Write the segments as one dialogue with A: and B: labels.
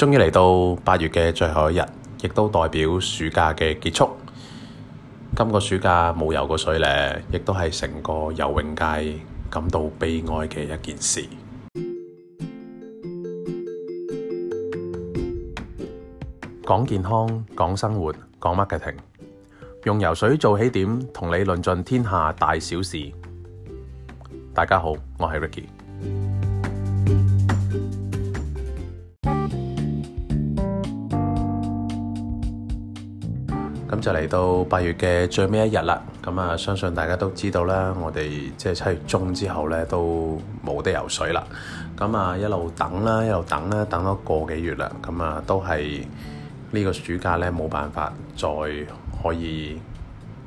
A: 終於嚟到八月嘅最後一日，亦都代表暑假嘅結束。今個暑假冇游過水咧，亦都係成個游泳界感到悲哀嘅一件事。講健康，講生活，講 marketing，用游水做起點，同你論盡天下大小事。大家好，我係 Ricky。咁就嚟到八月嘅最尾一日啦，咁啊相信大家都知道啦，我哋即係七月中之後呢，都冇得游水啦。咁啊一路等啦，一路等啦，等咗個幾月啦，咁啊都係呢個暑假呢，冇辦法再可以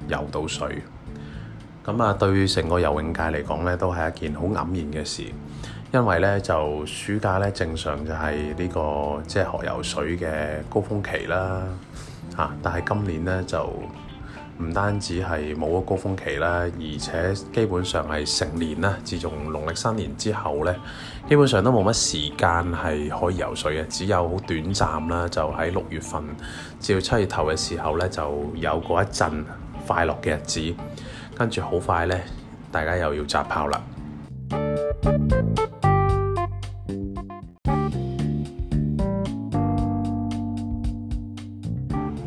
A: 游到水。咁啊對於成個游泳界嚟講呢，都係一件好黯然嘅事，因為呢，就暑假呢，正常就係呢個即係學游水嘅高峰期啦。但係今年咧就唔單止係冇咗高峰期啦，而且基本上係成年啦，自從農曆新年之後呢，基本上都冇乜時間係可以游水嘅，只有好短暫啦，就喺六月份至到七月頭嘅時候呢，就有過一陣快樂嘅日子，跟住好快呢，大家又要紮炮啦。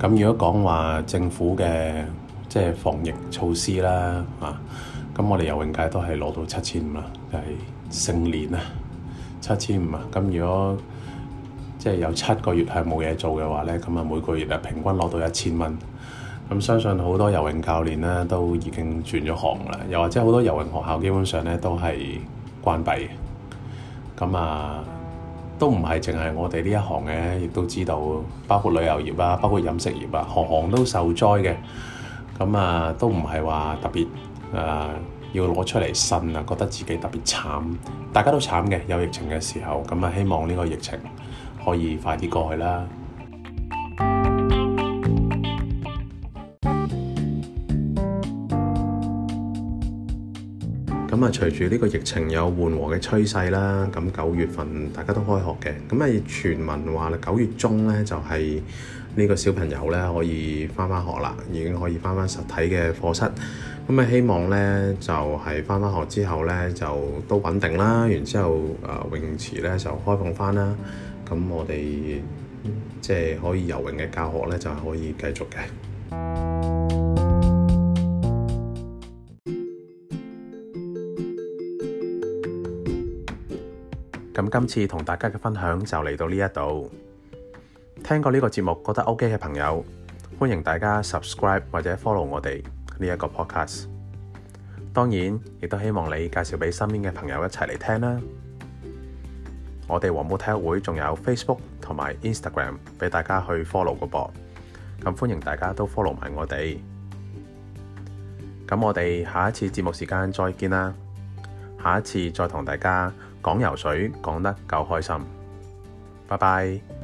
A: 咁如果講話政府嘅即係防疫措施啦，啊，咁我哋游泳界都係攞到七千五啦，就係成年啊，七千五啊。咁如果即係有七個月係冇嘢做嘅話咧，咁啊每個月啊平均攞到一千蚊。咁相信好多游泳教練咧都已經轉咗行啦，又或者好多游泳學校基本上咧都係關閉。咁啊～都唔係淨係我哋呢一行嘅，亦都知道，包括旅遊業啊，包括飲食業啊，行行都受災嘅。咁啊，都唔係話特別誒、呃，要攞出嚟呻啊，覺得自己特別慘。大家都慘嘅，有疫情嘅時候。咁啊，希望呢個疫情可以快啲過去啦。咁啊，隨住呢個疫情有緩和嘅趨勢啦，咁九月份大家都開學嘅，咁啊傳聞話九月中咧就係、是、呢個小朋友咧可以翻返學啦，已經可以翻返實體嘅課室，咁啊希望咧就係翻返學之後咧就都穩定啦，然之後啊泳池咧就開放翻啦，咁我哋即係可以游泳嘅教學咧就係可以繼續嘅。咁今次同大家嘅分享就嚟到呢一度，聽過呢個節目覺得 OK 嘅朋友，歡迎大家 subscribe 或者 follow 我哋呢一個 podcast。當然，亦都希望你介紹俾身邊嘅朋友一齊嚟聽啦。 我哋黃埔體育會仲有 Facebook 同埋 Instagram 俾大家去 follow 嘅噃，咁歡迎大家都 follow 埋我哋。咁我哋下一次節目時間再見啦，下一次再同大家。講游水講得夠開心，拜拜。